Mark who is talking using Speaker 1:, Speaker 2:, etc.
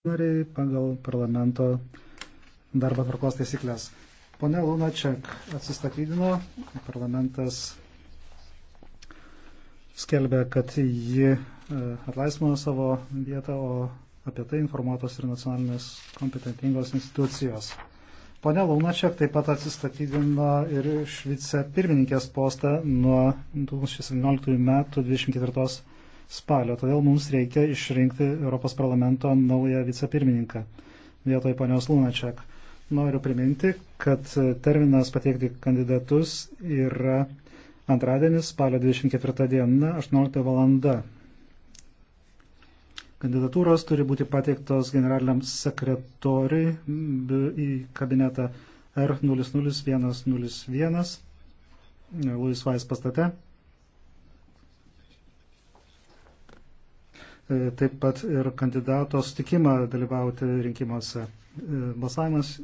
Speaker 1: nariai pagal parlamento darbo tvarkos taisyklės. Pone Lunačiak atsistatydino, parlamentas skelbia, kad ji e, atlaisvino savo vietą, o apie tai informuotos ir nacionalinės kompetentingos institucijos. Pone Lunačiak taip pat atsistatydino ir iš vicepirmininkės postą nuo 2017 metų 24 spalio, todėl mums reikia išrinkti Europos parlamento naują vicepirmininką vietoj ponios Lunačiak. Noriu priminti, kad terminas pateikti kandidatus yra antradienis, spalio 24 diena, 18 valanda. Kandidatūros turi būti pateiktos generaliniam sekretoriui į kabinetą R00101 Luis Vais pastate. E, taip pat ir kandidato stikimą dalyvauti rinkimuose. E, balsavimas